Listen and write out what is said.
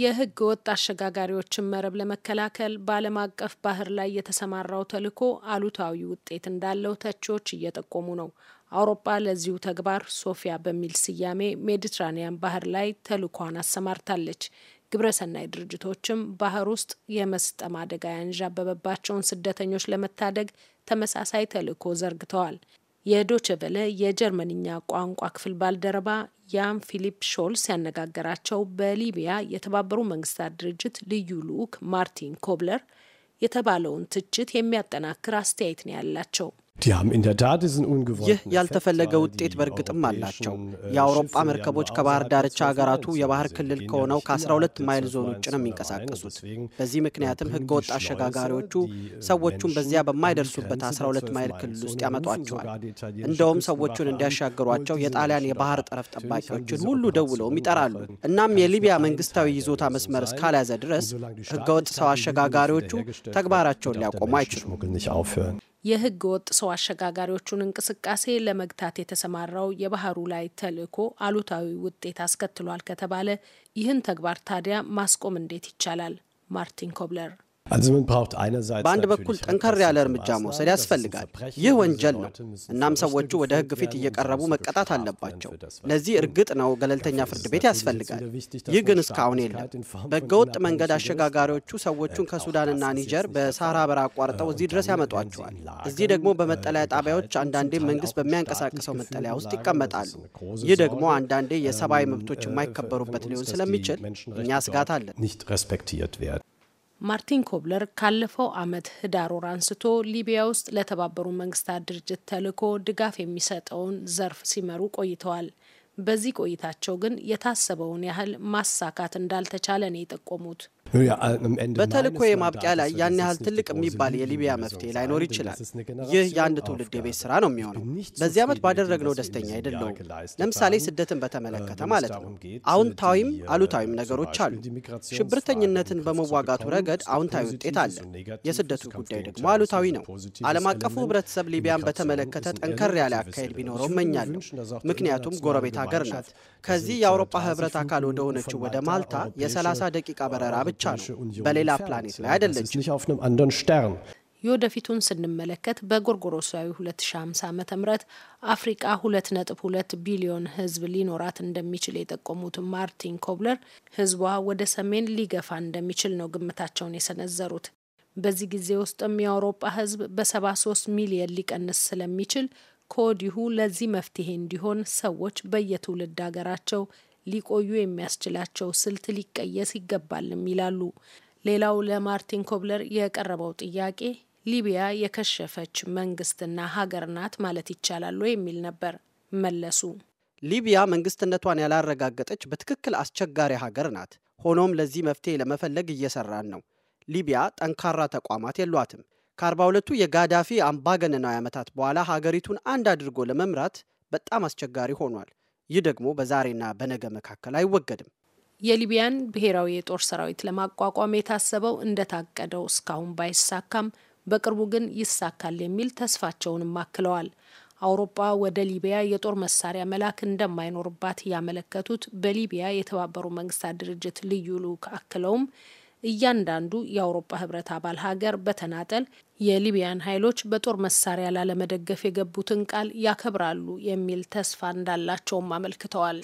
የህገ ወጥ አሸጋጋሪዎችን መረብ ለመከላከል በዓለም አቀፍ ባህር ላይ የተሰማራው ተልዕኮ አሉታዊ ውጤት እንዳለው ተቺዎች እየጠቆሙ ነው። አውሮፓ ለዚሁ ተግባር ሶፊያ በሚል ስያሜ ሜዲትራኒያን ባህር ላይ ተልዕኳን አሰማርታለች። ግብረሰናይ ድርጅቶችም ባህር ውስጥ የመስጠም አደጋ ያንዣበበባቸውን ስደተኞች ለመታደግ ተመሳሳይ ተልዕኮ ዘርግተዋል። የዶቸ የጀርመንኛ ቋንቋ ክፍል ባልደረባ ያን ፊሊፕ ሾልስ ያነጋገራቸው በሊቢያ የተባበሩ መንግስታት ድርጅት ልዩ ልዑክ ማርቲን ኮብለር የተባለውን ትችት የሚያጠናክር አስተያየት ነው ያላቸው። ይህ ያልተፈለገ ውጤት በእርግጥም አላቸው። äh, የአውሮጳ መርከቦች ከባህር ዳርቻ ሀገራቱ የባህር ክልል ከሆነው ከ12 ማይል ዞን ውጭ ነው የሚንቀሳቀሱት። በዚህ ምክንያትም ህገወጥ አሸጋጋሪዎቹ äh, ሰዎቹን በዚያ በማይደርሱበት 12 ማይል ክልል ውስጥ ያመጧቸዋል። እንደውም ሰዎቹን እንዲያሻገሯቸው የጣሊያን የባህር ጠረፍ ጠባቂዎችን ሁሉ ደውለውም ይጠራሉ። እናም የሊቢያ መንግስታዊ ይዞታ መስመር እስካልያዘ ድረስ ህገወጥ ሰው አሸጋጋሪዎቹ ተግባራቸውን ሊያቆሙ አይችሉም። የህገ ወጥ ሰው አሸጋጋሪዎቹን እንቅስቃሴ ለመግታት የተሰማራው የባህሩ ላይ ተልዕኮ አሉታዊ ውጤት አስከትሏል ከተባለ ይህን ተግባር ታዲያ ማስቆም እንዴት ይቻላል? ማርቲን ኮብለር በአንድ በኩል ጠንከር ያለ እርምጃ መውሰድ ያስፈልጋል። ይህ ወንጀል ነው። እናም ሰዎቹ ወደ ሕግ ፊት እየቀረቡ መቀጣት አለባቸው። ለዚህ እርግጥ ነው ገለልተኛ ፍርድ ቤት ያስፈልጋል። ይህ ግን እስካሁን የለም። በሕገወጥ መንገድ አሸጋጋሪዎቹ ሰዎቹን äh, ከሱዳንና ኒጀር በሳህራ በራ አቋርጠው äh, እዚህ ድረስ ያመጧቸዋል። እዚህ ደግሞ äh, በመጠለያ ጣቢያዎች፣ አንዳንዴ መንግስት በሚያንቀሳቅሰው መጠለያ ውስጥ ይቀመጣሉ። ይህ ደግሞ አንዳንዴ የሰብአዊ ähm, መብቶች የማይከበሩበት ሊሆን ስለሚችል እኛ ስጋት አለን። ማርቲን ኮብለር ካለፈው ዓመት ህዳር ወር አንስቶ ሊቢያ ውስጥ ለተባበሩ መንግስታት ድርጅት ተልዕኮ ድጋፍ የሚሰጠውን ዘርፍ ሲመሩ ቆይተዋል። በዚህ ቆይታቸው ግን የታሰበውን ያህል ማሳካት እንዳልተቻለ ነው የጠቆሙት። በተልእኮ የማብቂያ ላይ ያን ያህል ትልቅ የሚባል የሊቢያ መፍትሄ ላይኖር ይችላል። ይህ የአንድ ትውልድ የቤት ስራ ነው የሚሆነው። በዚህ ዓመት ባደረግነው ደስተኛ አይደለውም። ለምሳሌ ስደትን በተመለከተ ማለት ነው። አዎንታዊም አሉታዊም ነገሮች አሉ። ሽብርተኝነትን በመዋጋቱ ረገድ አውንታዊ ውጤት አለ። የስደቱ ጉዳይ ደግሞ አሉታዊ ነው። ዓለም አቀፉ ህብረተሰብ ሊቢያን በተመለከተ ጠንከር ያለ አካሄድ ቢኖረው እመኛለሁ። ምክንያቱም ጎረቤት ሀገር ናት። ከዚህ የአውሮፓ ህብረት አካል ወደ ሆነችው ወደ ማልታ የ30 ደቂቃ በረራ ብቻ ብቻ ነው፣ በሌላ ፕላኔት ላይ አይደለችም። የወደፊቱን ስንመለከት በጎርጎሮሳዊ 2050 ዓ ም አፍሪቃ 2.2 ቢሊዮን ህዝብ ሊኖራት እንደሚችል የጠቆሙት ማርቲን ኮብለር ህዝቧ ወደ ሰሜን ሊገፋ እንደሚችል ነው ግምታቸውን የሰነዘሩት። በዚህ ጊዜ ውስጥም የአውሮጳ ህዝብ በ73 ሚሊየን ሊቀንስ ስለሚችል ከወዲሁ ለዚህ መፍትሄ እንዲሆን ሰዎች በየትውልድ ሀገራቸው ሊቆዩ የሚያስችላቸው ስልት ሊቀየስ ይገባልም ይላሉ። ሌላው ለማርቲን ኮብለር የቀረበው ጥያቄ ሊቢያ የከሸፈች መንግስትና ሀገር ናት ማለት ይቻላሉ የሚል ነበር። መለሱ ሊቢያ መንግስትነቷን ያላረጋገጠች በትክክል አስቸጋሪ ሀገር ናት። ሆኖም ለዚህ መፍትሄ ለመፈለግ እየሰራን ነው። ሊቢያ ጠንካራ ተቋማት የሏትም። ከአርባ ሁለቱ የጋዳፊ አምባገነናዊ ዓመታት በኋላ ሀገሪቱን አንድ አድርጎ ለመምራት በጣም አስቸጋሪ ሆኗል። ይህ ደግሞ በዛሬና በነገ መካከል አይወገድም። የሊቢያን ብሔራዊ የጦር ሰራዊት ለማቋቋም የታሰበው እንደታቀደው እስካሁን ባይሳካም በቅርቡ ግን ይሳካል የሚል ተስፋቸውንም አክለዋል። አውሮፓ ወደ ሊቢያ የጦር መሳሪያ መላክ እንደማይኖርባት ያመለከቱት በሊቢያ የተባበሩ መንግስታት ድርጅት ልዩ ልዑክ አክለውም እያንዳንዱ የአውሮፓ ህብረት አባል ሀገር በተናጠል የሊቢያን ኃይሎች በጦር መሳሪያ ላለመደገፍ የገቡትን ቃል ያከብራሉ የሚል ተስፋ እንዳላቸውም አመልክተዋል።